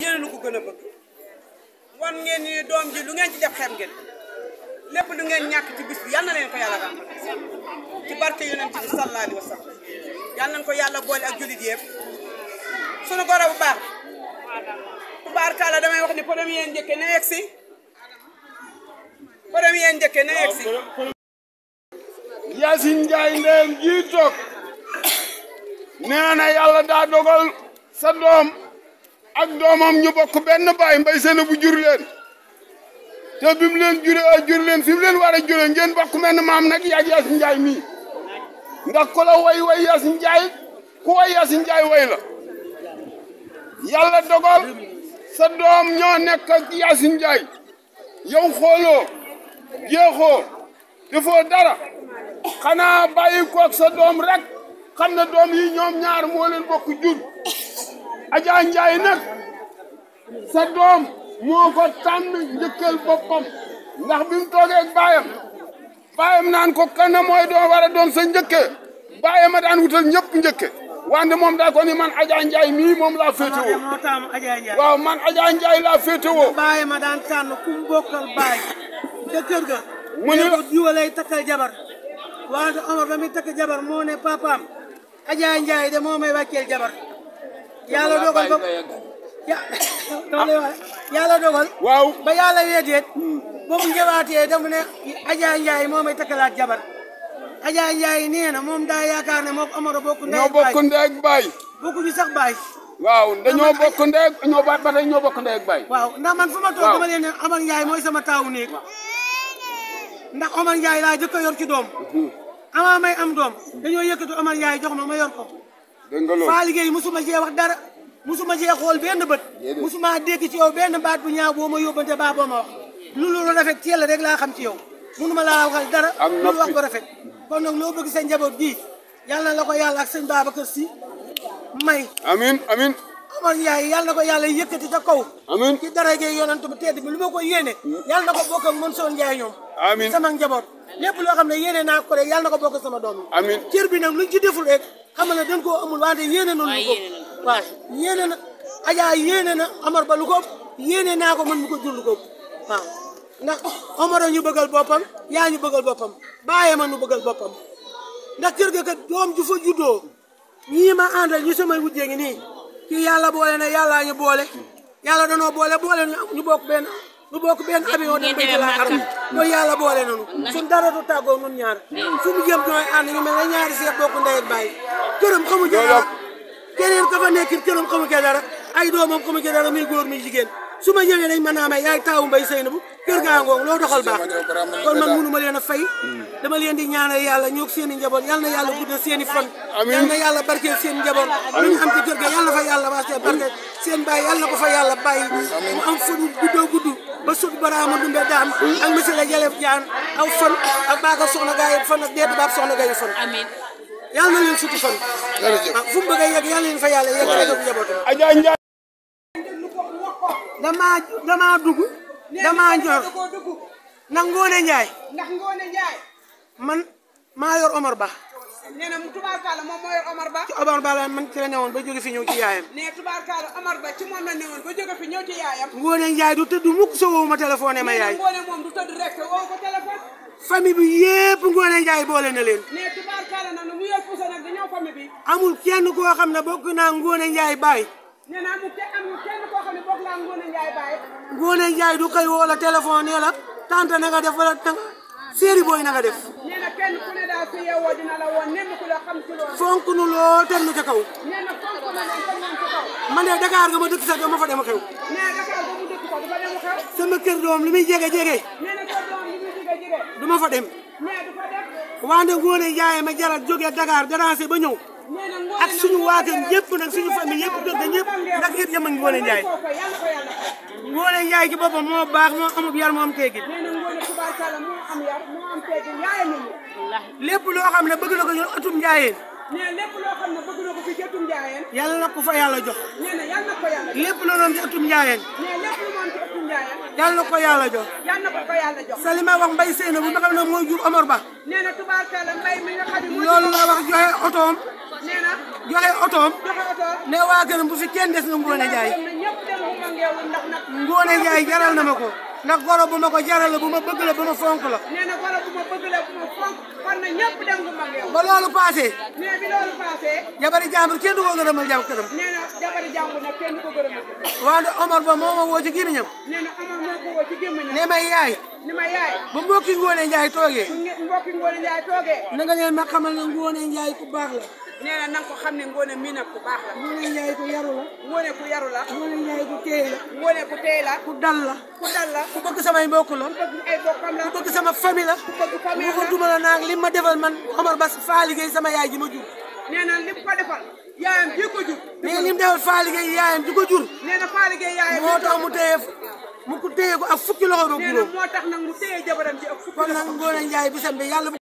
yéen lu ko gën a bëgg wan ngeen ni doom ji lu ngeen ci def xem lépp lu ngeen ñàkk ci bis bi yal na leen ko yàlla ràmb ci barke yonent bi sallallahu alayhi wa sallam yal ko yàlla boole ak jullit yëpp sunu goro bu baax bu baax kàlla damay wax ni premier njëkke na yegg si premier njëkke na yegg si Yacine Ndiaye ji toog nee yàlla daa dogal sa doom ak doomam ñu bokk benn baay mbay seen bu leen te bi jure jur leen fi leen war a jure ngeen bokk menn maam nag yaag Yaasin Njaay mii ndax ku la way way Yaasin Njaay ku way Yaasin Njaay way la yàlla sa doom ñoo nekk ak Yaasin Njaay yow xooloo jeexoo defoo dara xanaa bàyyi koog sa doom rek xam ne doom yi ñoom ñaar moo leen bokk jur Adja Ndiaye nag sa doom moo ko tànn njëkkal boppam ndax bi mu toogee baayam baayam naan ko kan mooy doom war a doon sa njëkke baayam a daan wutal ñëpp njëkke wande moom daa ko man Adja Ndiaye mii moom laa féetewoo waaw man Adja Ndiaye laa féetewoo baayam daan tànn ku mu baay ca kër ga mu ne ko diwa lay jabar wante Omar ba muy takk jabar moo ne papaam Adja Ndiaye de moo may wàcceel jabar yàlla dogal ko yàlla dogal. waaw ba yàlla weeteet. ba mu ñëwaatee damu ne Adja Ndiaye moo may takkalaat jabar. Adja Ndiaye nee na moom daa yaakaar ne moom Amara bokk ndey boo baay ñoo bokk ndey ak sax waaw dañoo bokk ndey ak ñoo ba ba ñoo bokk ndey ak waaw ndax man fu ma toog dama leen ne Amar mooy sama taawu néeg. ndax Omar Ndiaye laa jëkk a yor ci doom. Mhm. ama may am doom dañoo yëkkatu Omar Ndiaye jox ma ma yor ko. dégg nga loolu Faly Gueye mosuma cee wax dara mosuma cee xool benn bët. mosuma dégg ci yow benn baat bu ñaaw boo ma yóbbante baa boo ma wax. lu rafet ci yàlla rek laa xam ci yow munuma laa waxal dara. ak lu wax ko rafet. kon nag loo bëgg sa njaboot gii yàlla la ko yàlla ak sëñ Babacar Sy may. amin amin Omar Ndiaye yàlla na ko yàlla yëkkati ca kaw. amiin ci dara gi yonent bu tedd bi lu ma ko yéene. yàlla na ko bokk ak Mansour Ndiaye ñoom. amiin sama njaboot. lépp loo xam ne yéene naa ko rek yàlla na ko bokk sama doom yi. amiin cër bi nag luñ ci deful rek xam ne dañ koo amul wante yéene na lu ko yéene na Adja yéene na Amar ba ko yéene naa ko man mi ko jur lu ko waaw ndax Omar ñu bëggal boppam yaa ñu bëggal boppam bàyyi ma ñu bëggal boppam ndax kër ga kat doom ju fa juddoo ñii ma àndal ñu samay wujjee kii yàlla boole na yàllaa ñu boole yàlla danoo boole boole ñu bokk benn ñu bokk benn avion dem bay laa xaram loolu yàlla boole nañu suñ dara du tàggoo nun ñaar suñu jëm ñooy ànd ñu mel ne ñaari seet bokk ndey ak bàyyi këram xamu ci dara keneen ka fa nekk këram xamu ci dara ay doomam xamu ci dara muy góor muy jigéen su ma ñëwee dañ yaay taawu mbay sëy bu kër gaa ngoog loo doxal baax kon man mënu ma a fay dama leen di ñaanal yàlla ñoog i njaboot yal na yàlla guddal seen i fan yal na yàlla barkeel seen njaboot lu ñu am ci kër ga yal na fa yàlla waasee barkeel seen bàyyi yal na ko fa yàlla mu am fan guddoo gudd ba sut baraama dumbe daam ak monsieur la jaleef jaan aw fan ak baaka soxna gaa yi fan ak deet baab soxna gaa yi fan yàlla na leen sutu fan ah, fu mu bëgg a yegg leen damaa damaa dugg. damaa ñor ndax Ngoone Njaay. man maa Omar Ba. nee na mu tubaarkaala moom moo yor Omar Ba. Ba la man ci la ba jóge fi ñëw ci yaayam. nee tubaarkaala Omar Ba ci moom la Ngoone Njaay du tëdd mukk sa woo ma yaay. Ngoone moom Ngoone Njaay boole na leen. nee tubaarkaala nag mu yor puso nag dañoo famille bi. amul kenn koo xam ne bokk naa Ngoone Njaay baay. nee naa amul kenn amul kenn koo du koy woo la téléphone nee na nga def wala tante séeri na nga def. nee na kenn ku ne daal su yeewoo fonk nu loo teg nu ca kaw. na fonk ma ne teg man de Dakar nga ma dëkk sax dama fa dem xew. nee na sama kër doom li muy jege jege. du ma fa dem. nee du fa dem. wante Ngone Ndiaye ma jaral jógee ba ñëw. ak suñu waa kër ñëpp nag suñu famille yëpp dëgg ñëpp ndax yëpp yem ak Ngoné Ndiaye Ngoné Ndiaye ci boppam moo baax moo amub yar moo am teggin lépp loo xam ne bëgg na ko ñun atum njaayeen lépp loo xam ne bëgg na ko fi ci atum njaayeen yàlla na ko fa yàlla jox nee lépp loo doon ci atum njaayeen nee na lépp lu moom ci atum njaayeen yàlla na ko yàlla sa li ma wax mbay seena bu nga xam ne mooy jur Omar Ba nee mbay mi nga xam ne loolu la wax joxe otoom nee na joxe otoom ne waa këram bu fi kenn des na Ngoone Njaay Ngoone Njaay jaral na ma ko ndax goro bu ma ko jaral la bu ma bëgg la bu ma la nee na goro bu ma bëgg la bu ma ba loolu passé nee bi loolu jabari jàmbur kenn du ko gërëmal jàmm na kenn du ko gërëmal wante Omar ba moo ma woo ci gémmiñam nee na Omar moo ko woo ne may yaay ni ma yaay ba mbokki Ngoone Njaay toogee mbokki Ngoone na nga leen ma xamal ne Ngoone Njaay nee na na nga xam ne Ngoné mii nag ku baax la. Ngoné Ndiaye ku yaru la. Ngoné ku yaru la. Ngoné Ndiaye ku sama famille la. ku bëgg la mu ko dumala naag li ma defal man Omar Bass faa liggéey sama yaay ji ma jur. nee na li mu li mu defal faa liggéey yaayam mu téye mu ko na moo tax nag mu téye